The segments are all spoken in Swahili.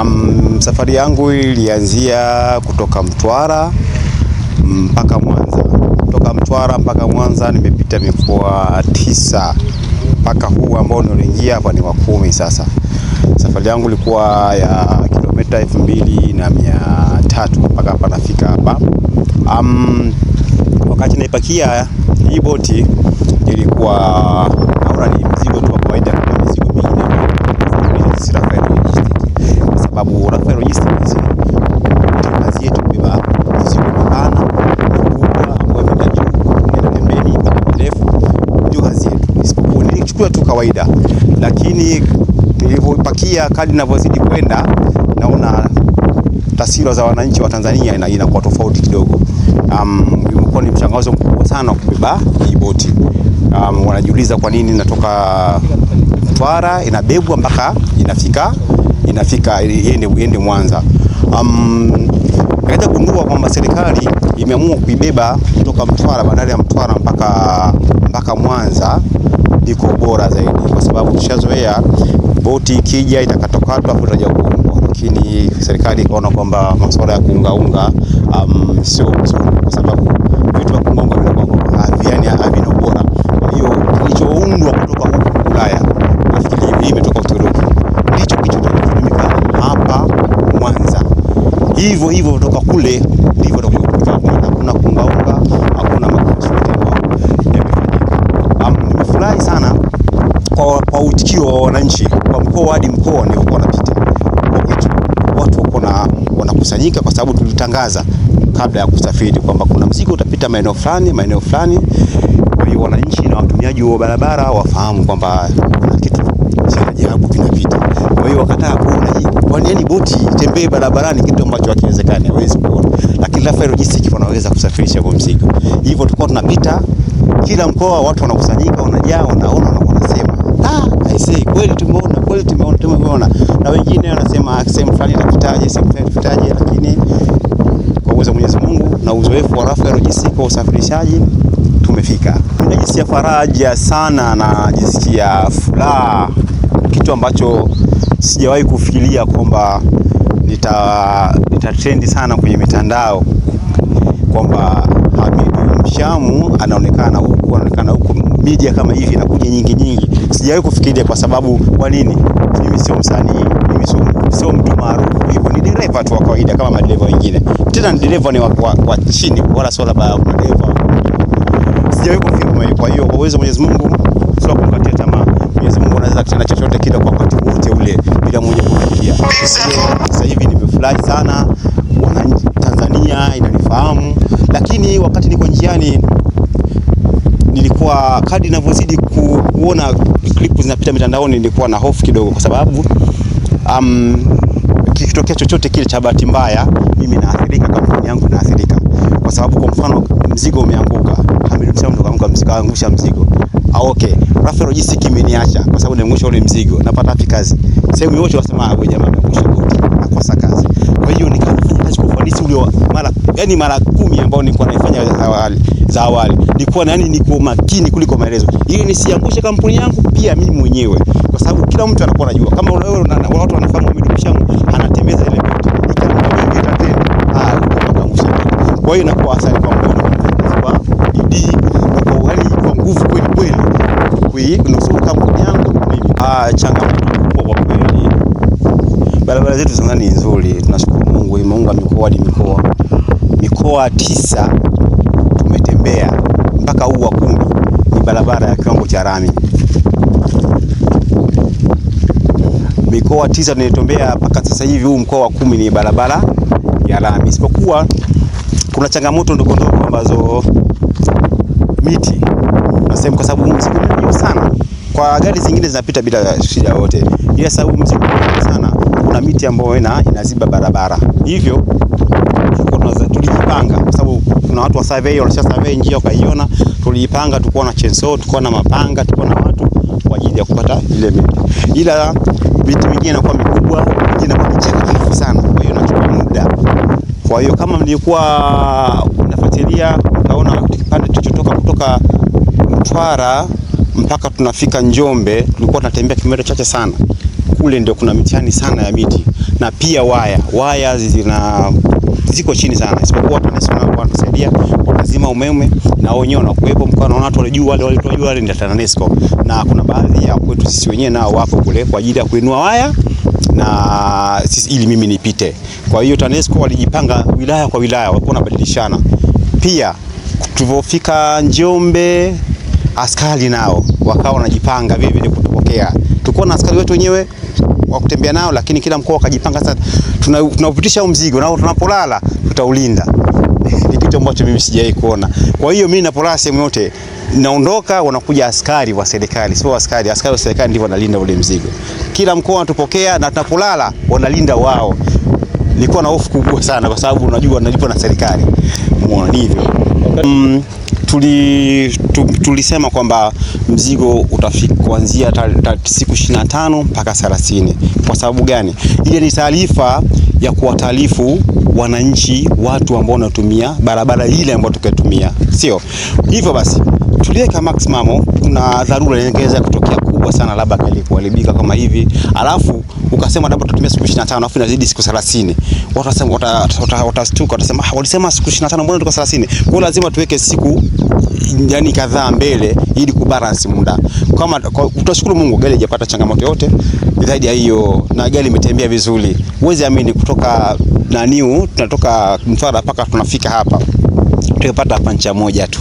Um, safari yangu ilianzia kutoka Mtwara mpaka Mwanza. Kutoka Mtwara mpaka Mwanza nimepita mikoa tisa mpaka huu ambao unaoingia hapa ni wa kumi sasa. Safari yangu ilikuwa ya kilomita elfu mbili na mia tatu mpaka hapa nafika hapa. Um, wakati naipakia hii boti ilikuwa sababu Rafael Logistics ndio kazi yetu kubeba mizigo mipana kubwa ambayo imeenda juu kwenda pembeni mirefu, ndio kazi yetu. Isipokuwa nilichukua tu kawaida, lakini nilivyopakia kadi ninavyozidi kwenda, naona taswira za wananchi wa Tanzania inakuwa tofauti kidogo. Um, imekuwa ni mchangazo mkubwa sana kubeba hii boti. Um, wanajiuliza kwa nini natoka Mtwara inabebwa mpaka inafika inafika iende Mwanza. Um, kaja kugundua kwamba serikali imeamua kuibeba kutoka Mtwara, bandari ya Mtwara mpaka mpaka Mwanza iko bora zaidi, kwa sababu tushazoea boti ikija itakatokatwa kutaja kuungwa, lakini serikali ikaona kwamba masuala ya kuungaunga um, sio mzuri kwa sababu vitu vya kuungaunga hivyo hivyo kutoka kule ndivyo tutakuja hakuna kungaunga, hakuna makosa ambayo yamefanyika. Nimefurahi sana kwa, kwa utikio wa wananchi kwa mkoa hadi mkoa nilikuwa napita kwa watu wako na wanakusanyika, kwa sababu tulitangaza kabla ya kusafiri kwamba kuna mzigo utapita maeneo fulani maeneo fulani. Kwa hiyo wananchi na watumiaji wa barabara wafahamu kwamba kuna kitu cha ajabu kinapita, kwa hiyo wakataa kuona Wanieni yaani boti tembee barabarani, kitu ambacho hakiwezekani, hawezi kuona, lakini Raphael Logistics wanaweza kusafirisha kwa mzigo. Hivyo tulikuwa tunapita kila mkoa, watu wanakusanyika, wanajaa, wanaona na wanasema ah, I say kweli tumeona, kweli tumeona, tumeona, na wengine wanasema ah, sehemu fulani tutaje, sehemu fulani tutaje, lakini kwa uwezo wa Mwenyezi Mungu na uzoefu wa Raphael Logistics kwa usafirishaji tumefika. Najisikia faraja sana, najisikia furaha, kitu ambacho sijawahi kufikiria kwamba nita nitatrendi sana kwenye mitandao kwamba Hamidu Mshamu anaonekana huku anaonekana huku, media kama hivi inakuja nyingi nyingi. Sijawahi kufikiria kwa sababu, kwa nini? Mimi sio msanii, mimi sio sio mtu maarufu hivyo, ni dereva tu wa kawaida kama madereva wengine, tena ni dereva ni wa wa, wa chini, wala sio labda madereva. Sijawahi kufikiria. Kwa hiyo kwa uwezo wa Mwenyezi Mungu sio kumkatia tamaa. Mwenyezi Mungu anaweza kutenda chochote kile kwa wakati wote ule kila mmoja kufikia. Sasa hivi nimefurahi sana, wananchi Tanzania inanifahamu, lakini wakati niko njiani nilikuwa kadri ninavyozidi kuona clip zinapita mitandaoni, nilikuwa na hofu kidogo, kwa sababu um, kikitokea chochote kile cha bahati mbaya, mimi naathirika, kampuni yangu naathirika, kwa sababu kwa mfano mzigo umeanguka, Hamidu kaanguka, mzigo angusha mzigo aoke. Ah, okay, Rafiki Logistics imeniacha kwa sababu nimeangusha ule mzigo, napata wapi kazi? Sehemu yote wasema hapo, ah, jamaa ameangusha goti, nakosa kazi. Kwa hiyo nikafanya kazi kwa ufanisi ule mara yani mara kumi ambao nilikuwa naifanya awali za awali, nilikuwa na yani niko makini kuliko maelezo, ili nisiangushe kampuni yangu pia mimi mwenyewe, kwa sababu kila mtu anakuwa anajua kama wewe na watu wanafahamu mimi ndugu yangu anatembeza ile goti, ikamwambia ngeta tena, ah, kwa hiyo inakuwa asali kwa kuinusuru kampuni yangu mimi. Ah, changamoto kubwa kwa kweli. Barabara zetu Tanzania ni nzuri, tunashukuru Mungu, imeunga mikoa ni mikoa mikoa tisa tumetembea mpaka huu wa kumi ni barabara ya kiwango cha rami. Mikoa tisa tunetembea mpaka sasa hivi, huu mkoa wa kumi ni barabara ya rami, isipokuwa kuna changamoto ndogo ndogo ambazo miti na sehemu, kwa sababu mzigo ni mdogo sana. Kwa gari zingine zinapita bila shida yote, ila sababu mzigo ni mdogo sana, kuna miti ambayo ina inaziba barabara, hivyo tulijipanga kwa sababu kuna watu wa survey wanasha survey njia wakaiona. Tulijipanga, tulikuwa na chainsaw, tulikuwa na mapanga, tulikuwa na watu kwa ajili ya kupata ile miti, ila miti mingine inakuwa mikubwa, mingine inakuwa michache sana, kwa hiyo inachukua muda. Kwa hiyo kama mlikuwa mnafuatilia, ukaona kipande tulichotoka kutoka Mtwara mpaka tunafika Njombe tulikuwa tunatembea kilomita chache sana. Kule ndio kuna mitihani sana ya miti na pia waya waya zina ziko chini sana, isipokuwa TANESCO nao kwa lazima umeme na wenyewe wanakuwepo mkoa, na watu wale juu wale walitoa wale ndio TANESCO, na kuna baadhi ya kwetu sisi wenyewe nao wako kule kwa ajili ya kuinua waya na sisi, ili mimi nipite. Kwa hiyo TANESCO walijipanga wilaya kwa wilaya, walikuwa wanabadilishana. Pia tulipofika Njombe askari nao wakawa wanajipanga vile vile kutupokea. Tulikuwa na askari wetu wenyewe wa kutembea nao, lakini kila mkoa akajipanga. sasa, tunaupitisha tuna mzigo na tunapolala tutaulinda. Ni kitu ambacho mimi sijawahi kuona. Kwa hiyo mimi napolala sehemu yote naondoka, wanakuja askari wa serikali, sio askari askari wa serikali ndio wanalinda ule mzigo. Kila mkoa anatupokea na tunapolala wanalinda wao. Nilikuwa na hofu kubwa sana, kwa sababu unajua nalipo na serikali, muone hivyo mm tuli, tu, tulisema kwamba mzigo utafika kuanzia siku 25 mpaka 30. Kwa sababu gani? Ile ni taarifa ya kuwataarifu wananchi, watu ambao wanatumia barabara ile ambayo tukatumia, sio hivyo basi tuliweka maximum, kuna dharura inaweza kutokea kubwa sana, labda kali kuharibika kama hivi, alafu ukasema labda tutumie siku 25 alafu inazidi siku 30, watu watasema watastuka, watasema ah, walisema siku 25, mbona tuko 30? Kwa hiyo lazima tuweke siku yani kadhaa mbele ili kubalance muda. Kama utashukuru Mungu gari haijapata changamoto yote zaidi ya hiyo, na gari imetembea vizuri. Uwezi amini, kutoka naniu tunatoka Mtwara mpaka tunafika hapa tumepata pancha moja tu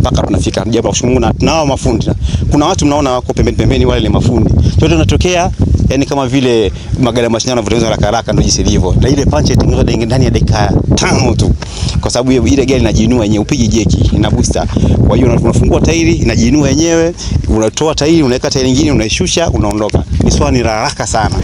mpaka tunafika jambo la kushukuru Mungu. Na hao mafundi, kuna watu mnaona wako pembeni pembeni, wale ni mafundi ndio tunatokea, yani kama vile magari ya mashindano yanavyotengenezwa haraka haraka, ndio jinsi ilivyo. Na ile punch inatengenezwa ndani ya dakika tano tu, kwa sababu ile gari inajiinua yenyewe, upige jeki ina booster. Kwa hiyo unafungua tairi inajiinua yenyewe, unatoa tairi, unaweka tairi nyingine, unaishusha, unaondoka. Ni swani la haraka sana.